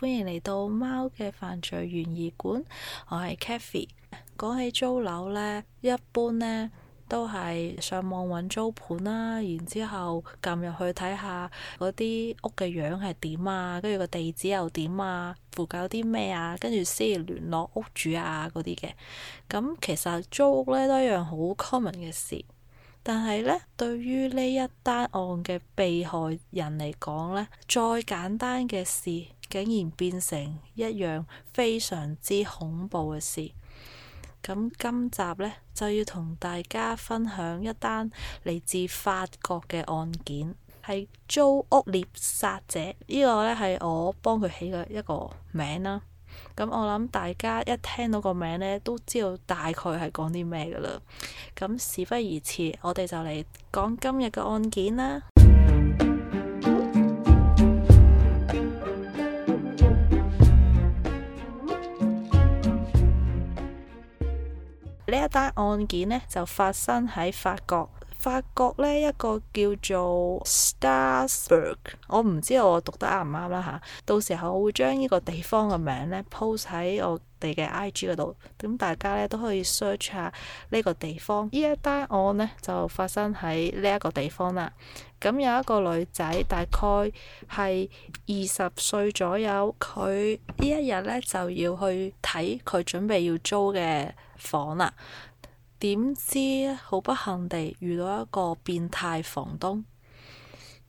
歡迎嚟到貓嘅犯罪懸疑館。我係 Kathy。講起租樓呢，一般呢都係上網揾租盤啦，然之後撳入去睇下嗰啲屋嘅樣係點啊，跟住個地址又點啊，附近有啲咩啊，跟住先聯絡屋主啊嗰啲嘅。咁其實租屋呢都係一樣好 common 嘅事，但係呢，對於呢一單案嘅被害人嚟講呢，再簡單嘅事，竟然變成一樣非常之恐怖嘅事，咁今集呢，就要同大家分享一單嚟自法國嘅案件，係租屋獵殺者，呢個呢，係我幫佢起嘅一個名啦。咁我諗大家一聽到個名呢，都知道大概係講啲咩噶啦。咁事不宜遲，我哋就嚟講今日嘅案件啦。一單案件呢，就發生喺法國。發覺呢一個叫做 Strasbourg，我唔知我讀得啱唔啱啦吓，到時候我會將呢個地方嘅名呢 post 喺我哋嘅 IG 嗰度，咁大家呢都可以 search 下呢個地方。呢一單案呢就發生喺呢一個地方啦。咁有一個女仔，大概係二十歲左右，佢呢一日呢就要去睇佢準備要租嘅房啦。點知好不幸地遇到一個變態房東。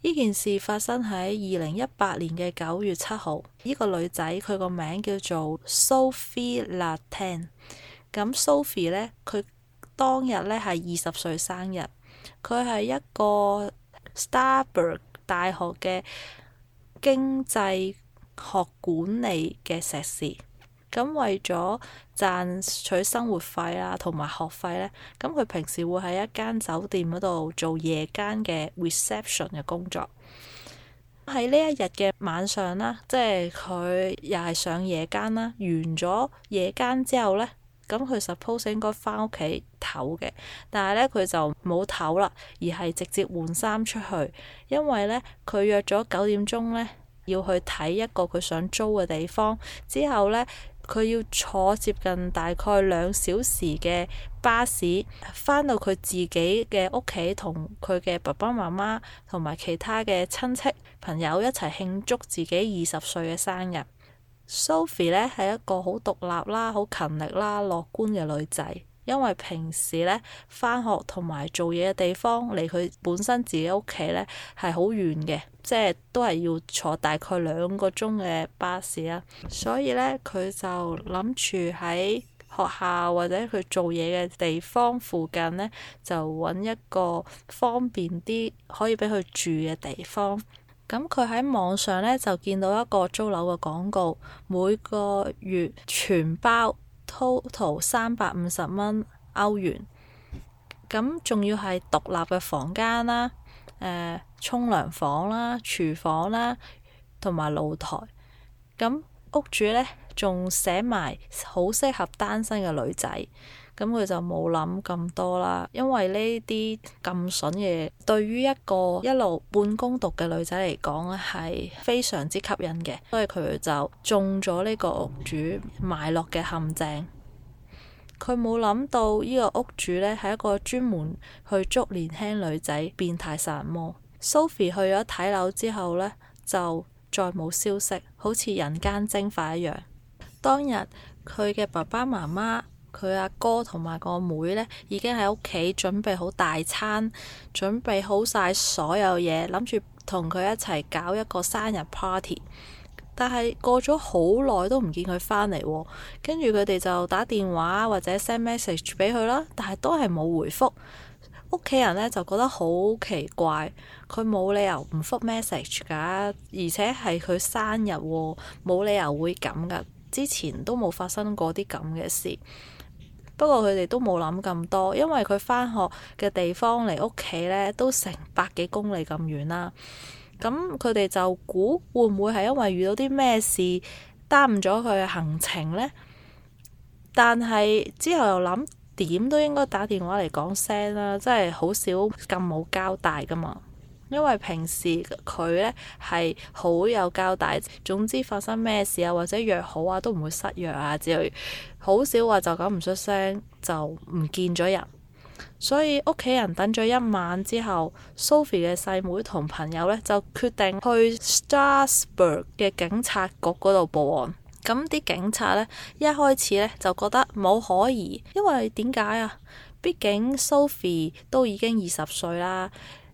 呢件事發生喺二零一八年嘅九月七號。呢、這個女仔佢個名叫做 Sophie Le Tan。咁 Sophie 呢，佢當日呢係二十歲生日。佢係一個 Strasbourg 大學嘅經濟學管理嘅碩士。咁為咗賺取生活費呀，同埋學費呢，咁佢平時會喺一間酒店嗰度做夜間嘅 reception 嘅工作。喺呢一日嘅晚上啦，即係佢又係上夜間啦。完咗夜間之後呢，咁佢 suppose 應該返屋企唞嘅，但係呢，佢就冇唞啦，而係直接換衫出去，因為呢，佢約咗九點鐘呢要去睇一個佢想租嘅地方，之後呢。佢要坐接近大概兩小時嘅巴士，返到佢自己嘅屋企，同佢嘅爸爸媽媽同埋其他嘅親戚朋友一齊慶祝自己二十歲嘅生日。Sophie 咧，係一個好獨立啦、好勤力啦、樂觀嘅女仔。因為平時咧，返學同埋做嘢嘅地方，離佢本身自己屋企咧係好遠嘅，即係都係要坐大概兩個鐘嘅巴士啊。所以咧，佢就諗住喺學校或者佢做嘢嘅地方附近咧，就揾一個方便啲可以俾佢住嘅地方。咁佢喺網上咧就見到一個租樓嘅廣告，每個月全包。total 三百五十蚊歐元，咁仲要係獨立嘅房間啦，誒、呃，沖涼房啦，廚房啦，同埋露台。咁屋主呢，仲寫埋好適合單身嘅女仔。咁佢就冇諗咁多啦，因為呢啲咁筍嘢，對於一個一路半工讀嘅女仔嚟講係非常之吸引嘅，所以佢就中咗呢個屋主埋落嘅陷阱。佢冇諗到呢個屋主呢係一個專門去捉年輕女仔變態殺魔。Sophie 去咗睇樓之後呢，就再冇消息，好似人間蒸發一樣。當日佢嘅爸爸媽媽，佢阿哥同埋個妹呢已經喺屋企準備好大餐，準備好晒所有嘢，諗住同佢一齊搞一個生日 party。但係過咗好耐都唔見佢返嚟，跟住佢哋就打電話或者 send message 俾佢啦，但係都係冇回覆。屋企人呢就覺得好奇怪，佢冇理由唔復 message 㗎，而且係佢生日，冇理由會咁㗎。之前都冇發生過啲咁嘅事。不過佢哋都冇諗咁多，因為佢返學嘅地方離屋企呢都成百幾公里咁遠啦。咁佢哋就估會唔會係因為遇到啲咩事耽誤咗佢嘅行程呢？但係之後又諗點都應該打電話嚟講聲啦，真係好少咁冇交代噶嘛。因為平時佢咧係好有交代，總之發生咩事啊，或者約好啊，都唔會失約啊之類，好少話就咁唔出聲就唔見咗人，所以屋企人等咗一晚之後，Sophie 嘅細妹同朋友咧就決定去 Strasbourg 嘅警察局嗰度報案。咁啲警察咧一開始咧就覺得冇可疑，因為點解啊？畢竟 Sophie 都已經二十歲啦。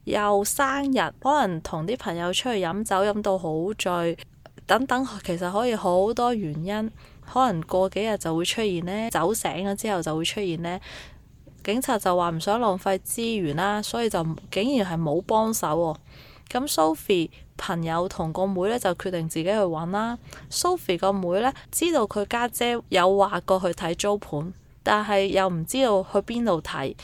又生日，可能同啲朋友出去飲酒飲到好醉，等等，其實可以好多原因，可能過幾日就會出現呢，酒醒咗之後就會出現呢。警察就話唔想浪費資源啦，所以就竟然係冇幫手喎。咁 Sophie 朋友同個妹呢就決定自己去揾啦。Sophie 個妹呢知道佢家姐，姐有話過去睇租盤，但係又唔知道去邊度睇。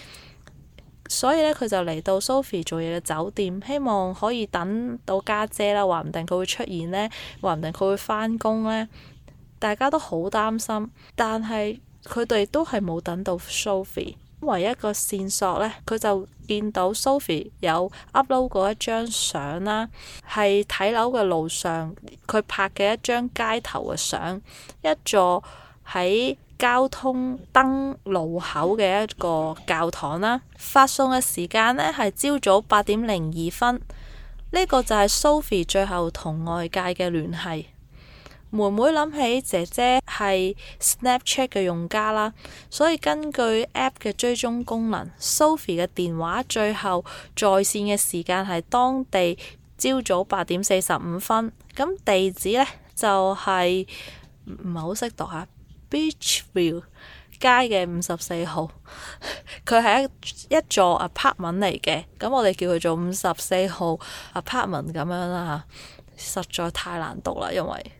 所以咧，佢就嚟到 Sophie 做嘢嘅酒店，希望可以等到家姐啦。話唔定佢會出現呢，話唔定佢會返工呢，大家都好擔心，但係佢哋都係冇等到 Sophie。唯一一個線索呢，佢就見到 Sophie 有 upload 過一張相啦，係睇樓嘅路上佢拍嘅一張街頭嘅相，一座喺。交通燈路口嘅一個教堂啦。發送嘅時間咧係朝早八點零二分。呢個就係 Sophie 最後同外界嘅聯繫。妹妹諗起姐姐係 Snapchat 嘅用家啦，所以根據 App 嘅追蹤功能，Sophie 嘅電話最後在線嘅時間係當地朝早八點四十五分。咁地址咧就係唔係好識讀吓、啊。Beachview 街嘅五十四號，佢 係一一座 apartment 嚟嘅，咁我哋叫佢做五十四號 apartment 咁樣啦，吓，實在太難讀啦，因為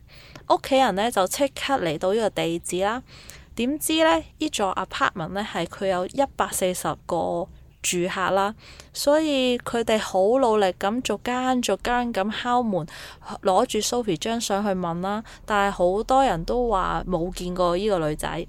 屋企人咧就即刻嚟到呢個地址啦，點知咧呢座 apartment 咧係佢有一百四十個。住客啦，所以佢哋好努力咁逐間逐間咁敲門，攞住 Sophie 張相去問啦。但係好多人都話冇見過呢個女仔，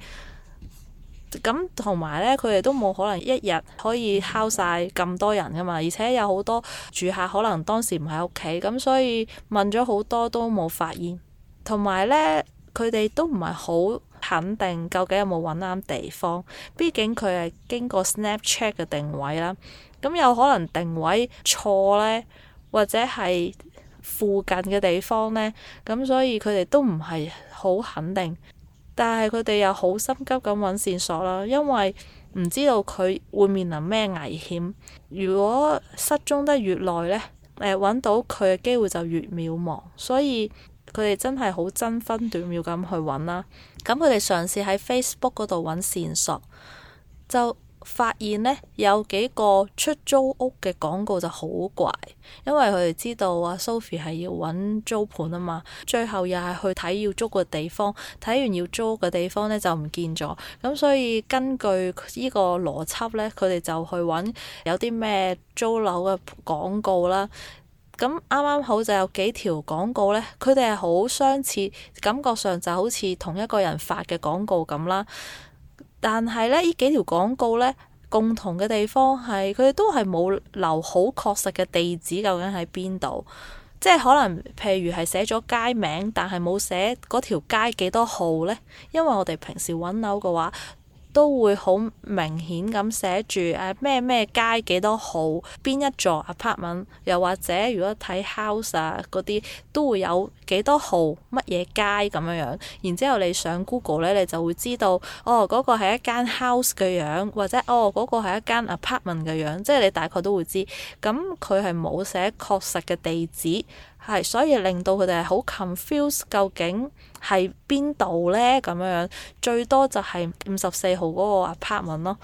咁同埋咧，佢哋都冇可能一日可以敲晒咁多人噶嘛。而且有好多住客可能當時唔喺屋企，咁所以問咗好多都冇發現。同埋咧，佢哋都唔係好。肯定究竟有冇揾啱地方，畢竟佢係經過 Snapchat 嘅定位啦，咁有可能定位錯咧，或者係附近嘅地方咧，咁所以佢哋都唔係好肯定。但係佢哋又好心急咁揾線索啦，因為唔知道佢會面臨咩危險。如果失蹤得越耐咧，誒揾到佢嘅機會就越渺茫，所以佢哋真係好爭分奪秒咁去揾啦。咁佢哋嘗試喺 Facebook 嗰度揾線索，就發現呢有幾個出租屋嘅廣告就好怪，因為佢哋知道啊，Sophie 係要揾租盤啊嘛，最後又係去睇要租嘅地方，睇完要租嘅地方呢，就唔見咗，咁所以根據呢個邏輯呢，佢哋就去揾有啲咩租樓嘅廣告啦。咁啱啱好就有幾條廣告呢，佢哋係好相似，感覺上就好似同一個人發嘅廣告咁啦。但係呢呢幾條廣告呢，共同嘅地方係佢哋都係冇留好確實嘅地址，究竟喺邊度？即係可能譬如係寫咗街名，但係冇寫嗰條街幾多號呢？因為我哋平時揾樓嘅話，.都會好明顯咁寫住誒咩咩街幾多號邊一座 apartment，又或者如果睇 house 啊嗰啲都會有幾多號乜嘢街咁樣樣，然之後你上 Google 呢，你就會知道，哦嗰個係一間 house 嘅樣，或者哦嗰個係一間 apartment 嘅樣，即係你大概都會知。咁佢係冇寫確實嘅地址。係，所以令到佢哋係好 confuse 究竟係邊度呢？咁樣樣最多就係五十四號嗰個 apartment 咯。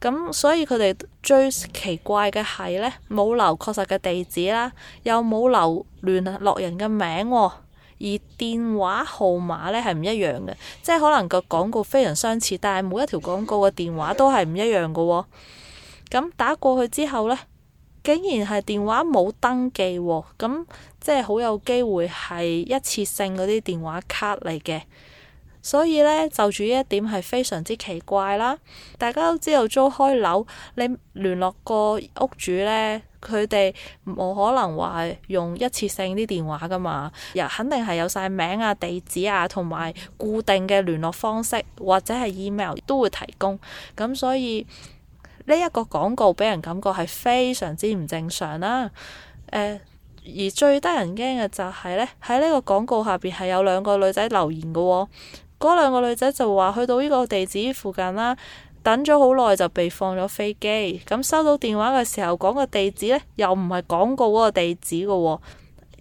咁所以佢哋最奇怪嘅係呢，冇留確實嘅地址啦，又冇留聯絡人嘅名，而電話號碼呢係唔一樣嘅，即係可能個廣告非常相似，但係每一條廣告嘅電話都係唔一樣嘅。咁打過去之後呢，竟然係電話冇登記，咁即係好有機會係一次性嗰啲電話卡嚟嘅，所以呢，就住呢一點係非常之奇怪啦。大家都知道租開樓，你聯絡個屋主呢，佢哋冇可能話用一次性啲電話噶嘛，又肯定係有晒名啊、地址啊，同埋固定嘅聯絡方式或者係 email 都會提供，咁所以。呢一個廣告俾人感覺係非常之唔正常啦，呃，而最得人驚嘅就係呢，喺呢個廣告下邊係有兩個女仔留言嘅喎，哦，嗰兩個女仔就話去到呢個地址附近啦，等咗好耐就被放咗飛機，咁收到電話嘅時候講個地址呢，又唔係廣告嗰個地址嘅喎，哦，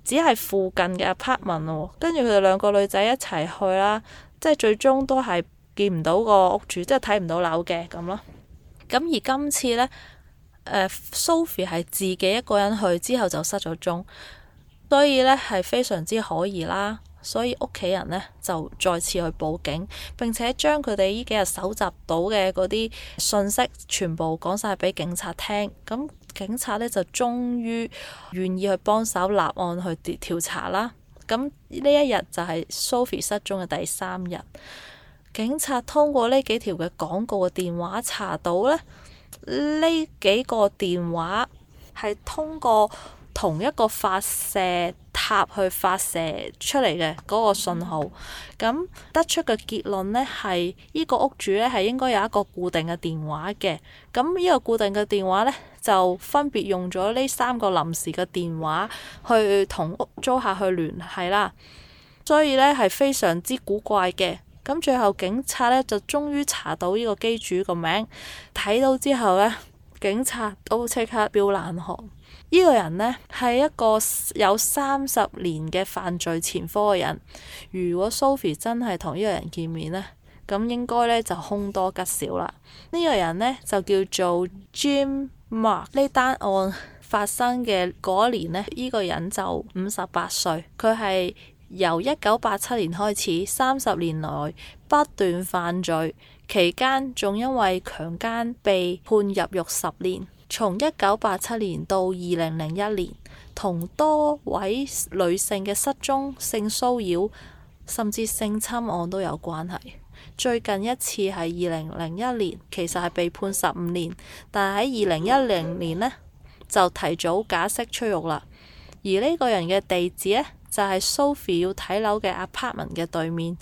只係附近嘅 apartment 咯，跟住佢哋兩個女仔一齊去啦，即係最終都係見唔到個屋主，即係睇唔到樓嘅咁咯。咁而今次呢，呃，Sophie 係自己一個人去，之後就失咗蹤，所以呢係非常之可疑啦。所以屋企人呢，就再次去報警，並且將佢哋呢幾日搜集到嘅嗰啲信息全部講晒俾警察聽。咁警察呢，就終於願意去幫手立案去調查啦。咁呢一日就係 Sophie 失蹤嘅第三日。警察通過呢幾條嘅廣告嘅電話查到呢，呢幾個電話係通過同一個發射塔去發射出嚟嘅嗰個信號。咁得出嘅結論呢，係呢個屋主呢係應該有一個固定嘅電話嘅。咁呢個固定嘅電話呢，就分別用咗呢三個臨時嘅電話去同屋租客去聯繫啦。所以呢，係非常之古怪嘅。咁最後警察呢就終於查到呢個機主個名，睇到之後呢，警察都即刻飆冷汗。呢、呢個人呢，係一個有三十年嘅犯罪前科嘅人。如果 Sophie 真係同呢個人見面呢，咁應該呢就凶多吉少啦。呢、呢個人呢，就叫做 Jim Mark。呢單案發生嘅嗰一年呢，呢、呢個人就五十八歲，佢係。由一九八七年開始，三十年來不斷犯罪，期間仲因為強姦被判入獄十年。從一九八七年到二零零一年，同多位女性嘅失蹤、性騷擾甚至性侵案都有關係。最近一次係二零零一年，其實係被判十五年，但係喺二零一零年呢，就提早假釋出獄啦。而呢個人嘅地址呢，就係 Sophie 要睇樓嘅 apartment 嘅對面。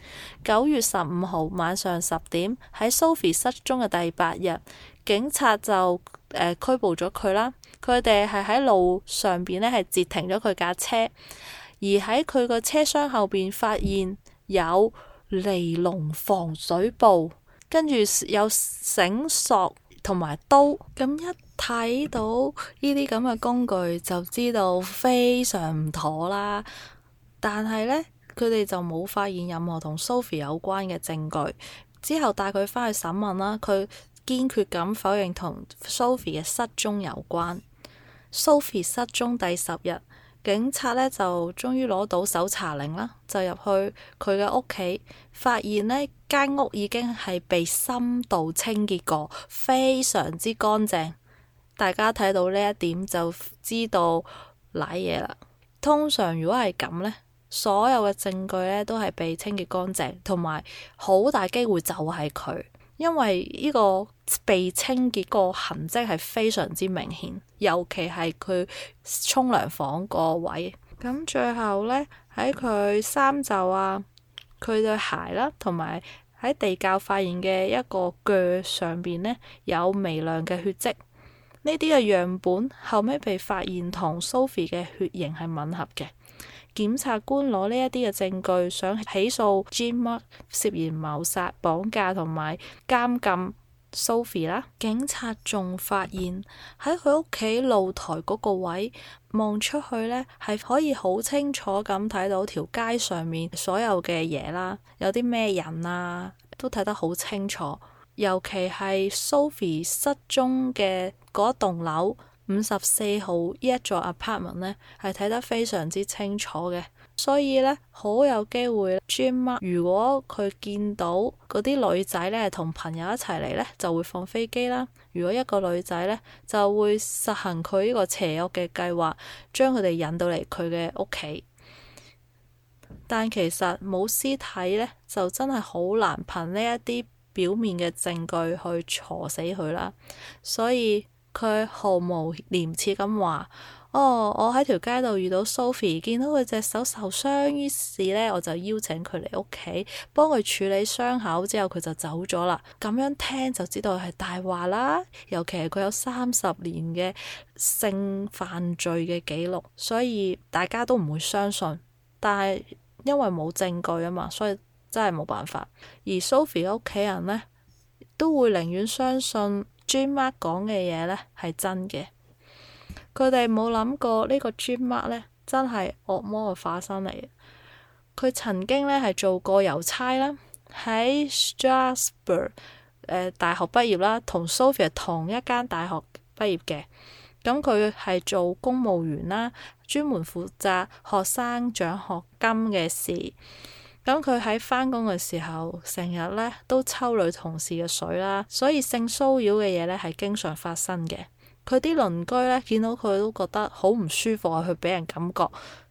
九月十五號晚上十點，喺 Sophie 失蹤嘅第八日，警察就誒、呃、拘捕咗佢啦。佢哋係喺路上邊呢，係截停咗佢架車，而喺佢個車廂後邊發現有尼龍防水布，跟住有繩索同埋刀。咁一睇到呢啲咁嘅工具，就知道非常唔妥啦。但係呢，佢哋就冇發現任何同 Sophie 有關嘅證據。之後帶佢返去審問啦，佢堅決咁否認同 Sophie 嘅失蹤有關。Sophie 失蹤第十日，警察呢就終於攞到搜查令啦，就入去佢嘅屋企，發現呢間屋已經係被深度清潔過，非常之乾淨。大家睇到呢一點就知道瀨嘢啦。通常如果係咁呢。所有嘅證據咧都係被清潔乾淨，同埋好大機會就係佢，因為呢個被清潔個痕迹係非常之明顯，尤其係佢沖涼房個位。咁最後呢，喺佢衫袖啊、佢對鞋啦，同埋喺地窖發現嘅一個腳上邊呢，有微量嘅血迹，呢啲嘅樣本後尾被發現同 Sophie 嘅血型係吻合嘅。檢察官攞呢一啲嘅證據，想起訴 g i m 厄涉嫌謀殺、綁架同埋監禁 Sophie 啦。警察仲發現喺佢屋企露台嗰個位望出去呢，係可以好清楚咁睇到條街上面所有嘅嘢啦，有啲咩人啊，都睇得好清楚。尤其係 Sophie 失蹤嘅嗰棟樓。五十四號呢一座 apartment 呢係睇得非常之清楚嘅，所以呢，好有機會，Grimm 如果佢見到嗰啲女仔呢同朋友一齊嚟呢，就會放飛機啦。如果一個女仔呢，就會實行佢呢個邪惡嘅計劃，將佢哋引到嚟佢嘅屋企。但其實冇屍體呢，就真係好難憑呢一啲表面嘅證據去鋤死佢啦。所以。佢毫無廉恥咁話：哦，我喺條街度遇到 Sophie，見到佢隻手受傷，於是呢，我就邀請佢嚟屋企幫佢處理傷口，之後佢就走咗啦。咁樣聽就知道係大話啦。尤其係佢有三十年嘅性犯罪嘅記錄，所以大家都唔會相信。但係因為冇證據啊嘛，所以真係冇辦法。而 Sophie 屋企人呢，都會寧願相信。Jamek 講嘅嘢呢係真嘅，佢哋冇諗過呢個 Jamek 呢真係惡魔嘅化身嚟。佢曾經呢係做過郵差啦，喺 Strasbourg 大學畢業啦，同 Sophia 同一間大學畢業嘅。咁佢係做公務員啦，專門負責學生獎學金嘅事。咁佢喺返工嘅時候，成日呢都抽女同事嘅水啦，所以性騷擾嘅嘢呢係經常發生嘅。佢啲鄰居呢，見到佢都覺得好唔舒服啊，佢俾人感覺，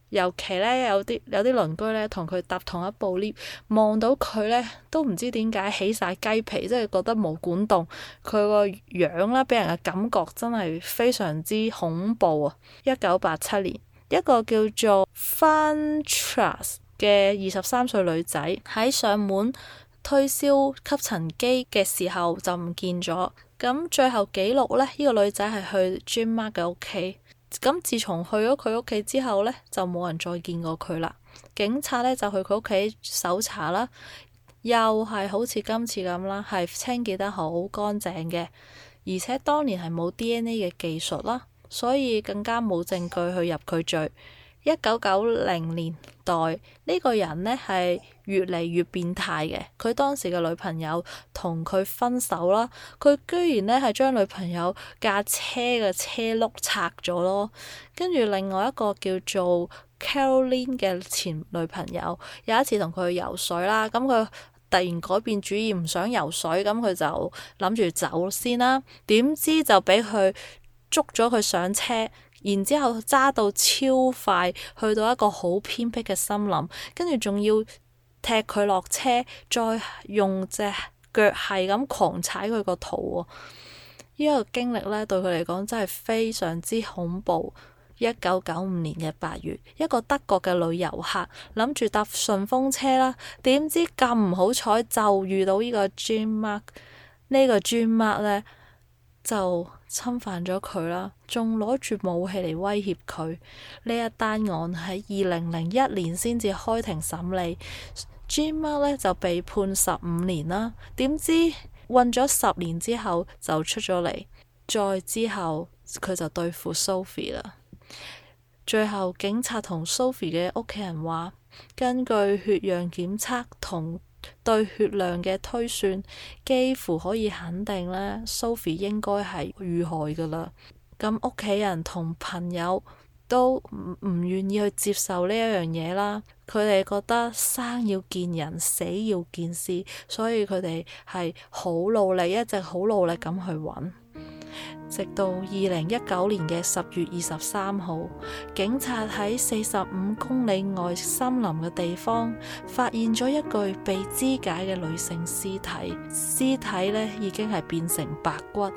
尤其呢，有啲有啲鄰居呢，同佢搭同一部 lift，望到佢呢都唔知點解起晒雞皮，即係覺得毛管戙。佢個樣啦，俾人嘅感覺真係非常之恐怖啊！一九八七年，一個叫做 Frantrust 嘅二十三歲女仔喺上門推銷吸塵機嘅時候就唔見咗，咁最後記錄呢，呢、這個女仔係去 Jammy 嘅屋企，咁自從去咗佢屋企之後呢，就冇人再見過佢啦。警察呢，就去佢屋企搜查啦，又係好似今次咁啦，係清潔得好乾淨嘅，而且當年係冇 DNA 嘅技術啦，所以更加冇證據去入佢罪。一九九零年代，呢個人呢係越嚟越變態嘅，佢當時嘅女朋友同佢分手啦，佢居然呢係將女朋友架車嘅車轆拆咗咯，跟住另外一個叫做 Caroline 嘅前女朋友，有一次同佢去游水啦，咁佢突然改變主意唔想游水，咁佢就諗住走先啦，點知就俾佢捉咗佢上車，然之後揸到超快，去到一個好偏僻嘅森林，跟住仲要踢佢落車，再用隻腳係咁狂踩佢個肚喎。呢、呢個經歷呢，對佢嚟講真係非常之恐怖。一九九五年嘅八月，一個德國嘅旅遊客諗住搭順風車啦，點知咁唔好彩就遇到呢個 Jean-Marc 呢個 Jean-Marc 呢，就。侵犯咗佢啦，仲攞住武器嚟威脅佢。呢一單案喺二零零一年先至開庭審理，g i m a 咧，就被判十五年啦。點知困咗十年之後就出咗嚟，再之後佢就對付 Sophie 啦。最後警察同 Sophie 嘅屋企人話，根據血樣檢測同。對血量嘅推算，幾乎可以肯定咧，Sophie 應該係遇害噶啦。咁屋企人同朋友都唔願意去接受呢一樣嘢啦。佢哋覺得生要見人，死要見屍，所以佢哋係好努力，一直好努力咁去揾。直到二零一九年嘅十月二十三號，警察喺四十五公里外森林嘅地方，發現咗一具被肢解嘅女性屍體。屍體呢已經係變成白骨，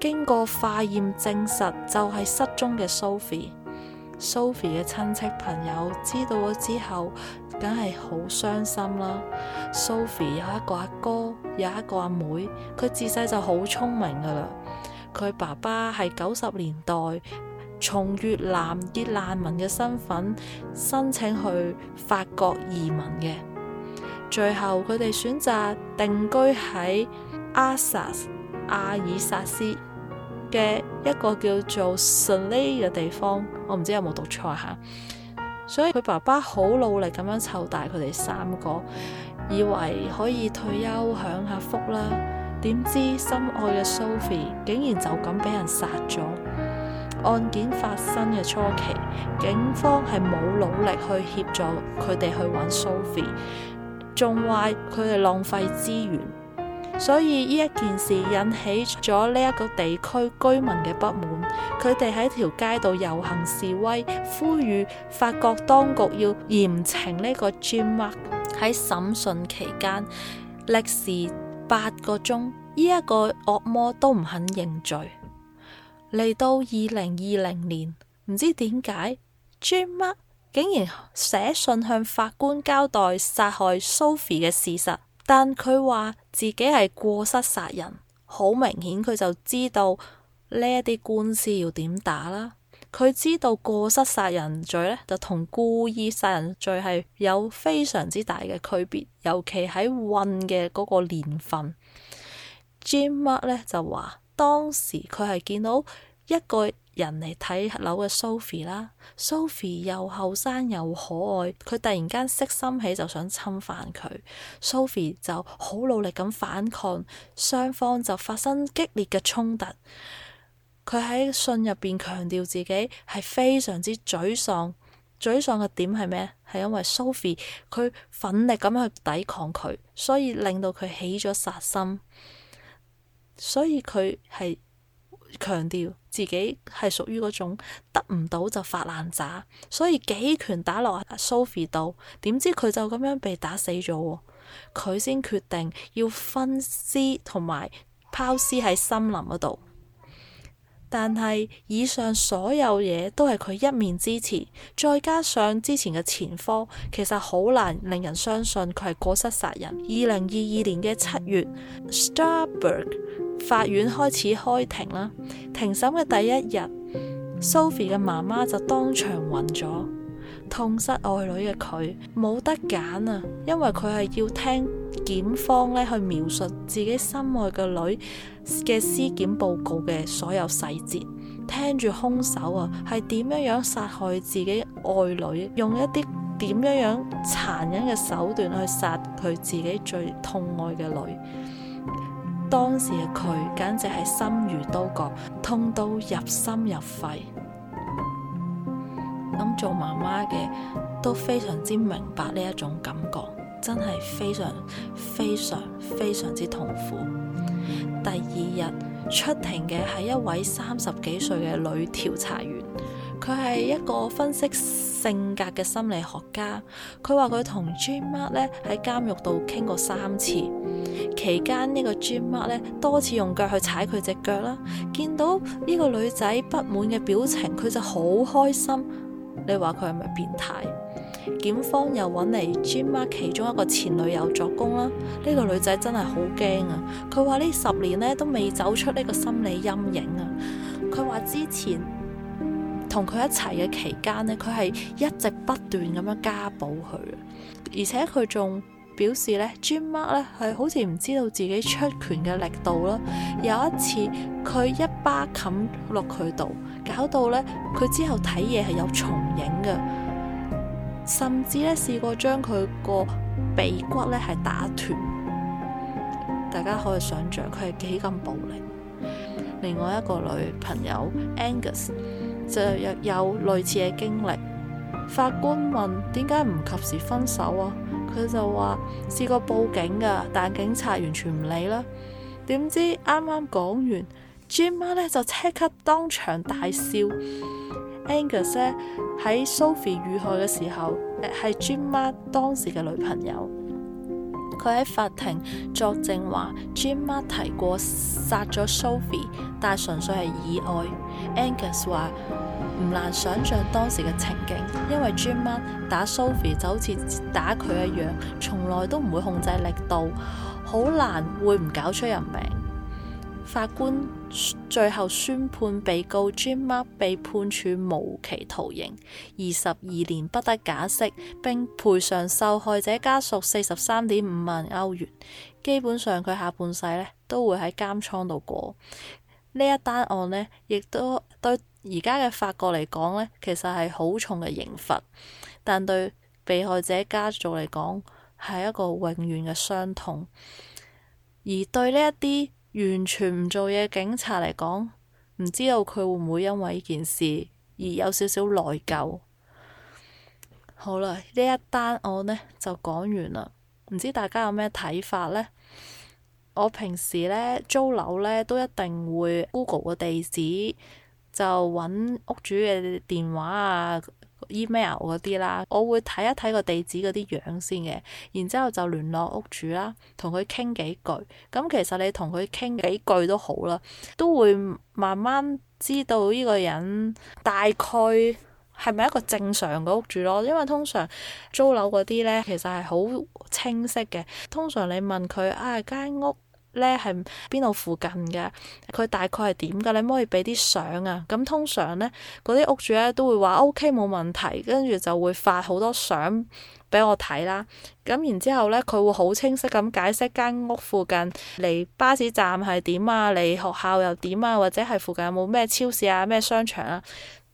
經過化驗證實就係失蹤嘅 Sophie。Sophie 嘅親戚朋友知道咗之後，梗係好傷心啦。Sophie 有一個阿哥，有一個阿妹，佢自細就好聰明噶啦。佢爸爸係九十年代從越南以難民嘅身份申請去法國移民嘅，最後佢哋選擇定居喺阿薩阿爾薩斯嘅一個叫做 Sly 嘅地方，我唔知有冇讀錯吓、啊。所以佢爸爸好努力咁樣湊大佢哋三個，以為可以退休享下福啦。點知心愛嘅 Sophie 竟然就咁俾人殺咗？案件發生嘅初期，警方係冇努力去協助佢哋去揾 Sophie，仲話佢哋浪費資源，所以呢一件事引起咗呢一個地區居民嘅不滿。佢哋喺條街度遊行示威，呼籲法國當局要嚴懲呢個 Jean-Marc。喺審訊期間，歷時，八個鐘，呢一個惡魔都唔肯認罪。嚟到二零二零年，唔知點解，Jame 竟然寫信向法官交代殺害 Sophie 嘅事實，但佢話自己係過失殺人，好明顯佢就知道呢一啲官司要點打啦。佢知道過失殺人罪呢，就同故意殺人罪係有非常之大嘅區別，尤其喺混嘅嗰個年份。Jim Mark 呢就話，當時佢係見到一個人嚟睇樓嘅 Sophie 啦，Sophie 又後生又可愛，佢突然間色心起就想侵犯佢，Sophie 就好努力咁反抗，雙方就發生激烈嘅衝突。佢喺信入邊強調自己係非常之沮喪，沮喪嘅點係咩？係因為 Sophie 佢奮力咁去抵抗佢，所以令到佢起咗殺心，所以佢係強調自己係屬於嗰種得唔到就發爛渣，所以幾拳打落 Sophie 度，點知佢就咁樣被打死咗，佢先決定要分屍同埋拋屍喺森林嗰度。但係以上所有嘢都係佢一面之詞，再加上之前嘅前科，其實好難令人相信佢係過失殺人。二零二二年嘅七月，Starburg 法院開始開庭啦。庭審嘅第一日，Sophie 嘅媽媽就當場暈咗。痛失愛女嘅佢冇得揀啊，因為佢係要聽檢方呢去描述自己心愛嘅女嘅屍檢報告嘅所有細節，聽住凶手啊係點樣樣殺害自己愛女，用一啲點樣樣殘忍嘅手段去殺佢自己最痛愛嘅女，當時嘅佢簡直係心如刀割，痛到入心入肺。咁做媽媽嘅都非常之明白呢一種感覺，真係非常非常非常之痛苦。嗯、第二日出庭嘅係一位三十幾歲嘅女調查員，佢係一個分析性格嘅心理學家。佢話佢同 Gemma 咧，喺監獄度傾過三次，期間呢個 Gemma 咧多次用腳去踩佢隻腳啦，見到呢個女仔不滿嘅表情，佢就好開心。你話佢係咪變態？檢方又揾嚟 g i m 啊其中一個前女友作供啦，呢、這個女仔真係好驚啊！佢話呢十年咧都未走出呢個心理陰影啊！佢話之前同佢一齊嘅期間咧，佢係一直不斷咁樣家暴佢，而且佢仲。表示咧，Jean-Marc 咧係好似唔知道自己出拳嘅力度啦。有一次，佢一巴冚落佢度，搞到咧佢之後睇嘢係有重影嘅，甚至咧試過將佢個鼻骨咧係打斷。大家可以想像佢係幾咁暴力。另外一個女朋友 Angus 就有類似嘅經歷。法官問：點解唔及時分手啊？佢就話試過報警噶，但警察完全唔理啦。點知啱啱講完，Jim 媽咧就即刻當場大笑。Angus 喺 Sophie 遇害嘅時候，係 Jim 媽當時嘅女朋友。佢喺法庭作證話，Jim 媽提過殺咗 Sophie，但係純粹係意外。Angus 話。唔難想象當時嘅情景，因為 Gemma 打 Sophie 就好似打佢一樣，從來都唔會控制力度，好難會唔搞出人命。法官最後宣判被告 Gemma 被判處無期徒刑，二十二年不得假釋，並賠償受害者家屬四十三點五萬歐元。基本上佢下半世呢都會喺監倉度過。呢一單案呢，亦都對。而家嘅法國嚟講呢，其實係好重嘅刑罰，但對被害者家族嚟講係一個永遠嘅傷痛。而對呢一啲完全唔做嘢嘅警察嚟講，唔知道佢會唔會因為呢件事而有少少內疚。好啦，呢一單案呢就講完啦。唔知大家有咩睇法呢？我平時呢，租樓呢，都一定會 Google 個地址。就揾屋主嘅電話啊、email 嗰啲啦，我會睇一睇個地址嗰啲樣先嘅，然之後就聯絡屋主啦，同佢傾幾句。咁其實你同佢傾幾句都好啦，都會慢慢知道呢個人大概係咪一個正常嘅屋主咯。因為通常租樓嗰啲呢，其實係好清晰嘅。通常你問佢啊，間、哎、屋。呢係邊度附近嘅？佢大概係點嘅？你可唔可以俾啲相啊？咁通常呢，嗰啲屋主咧都會話 O K 冇問題，跟住就會發好多相俾我睇啦。咁然之後咧，佢會好清晰咁解釋間屋附近離巴士站係點啊，離學校又點啊，或者係附近有冇咩超市啊，咩商場啊。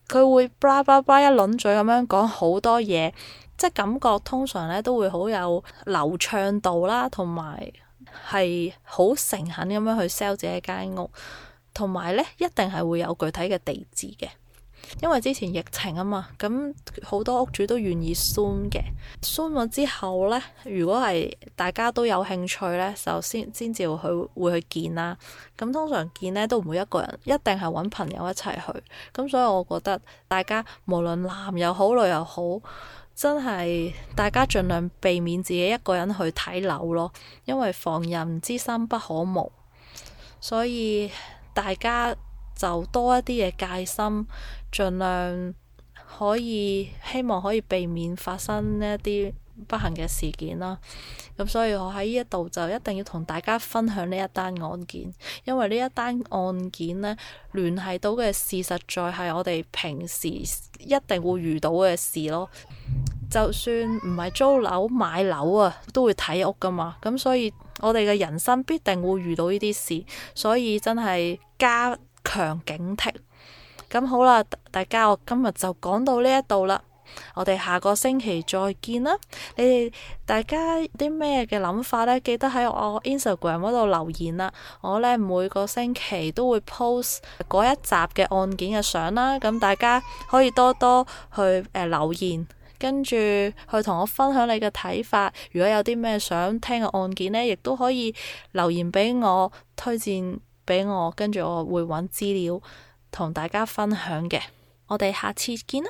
佢會叭叭叭一輪嘴咁樣講好多嘢，即係感覺通常呢都會好有流暢度啦，同埋。係好誠懇咁樣去 sell 自己間屋，同埋呢一定係會有具體嘅地址嘅，因為之前疫情啊嘛，咁好多屋主都願意 zoom 嘅，zoom 咗之後呢，如果係大家都有興趣呢，就先先至去會去見啦。咁通常見呢，都唔會一個人，一定係揾朋友一齊去。咁所以我覺得大家無論男又好，女又好，真係大家儘量避免自己一個人去睇樓咯，因為防人之心不可無，所以大家就多一啲嘅戒心，儘量可以希望可以避免發生一啲，不幸嘅事件啦，咁所以我喺呢一度就一定要同大家分享呢一單案件，因為呢一單案件呢，聯繫到嘅事實在係我哋平時一定會遇到嘅事咯。就算唔係租樓買樓啊，都會睇屋噶嘛。咁所以我哋嘅人生必定會遇到呢啲事，所以真係加強警惕。咁好啦，大家，我今日就講到呢一度啦。我哋下個星期再見啦！你哋大家啲咩嘅諗法呢？記得喺我 Instagram 嗰度留言啦！我呢每個星期都會 post 嗰一集嘅案件嘅相啦，咁大家可以多多去誒、呃、留言，跟住去同我分享你嘅睇法。如果有啲咩想聽嘅案件呢，亦都可以留言俾我，推薦俾我，跟住我會揾資料同大家分享嘅。我哋下次見啦！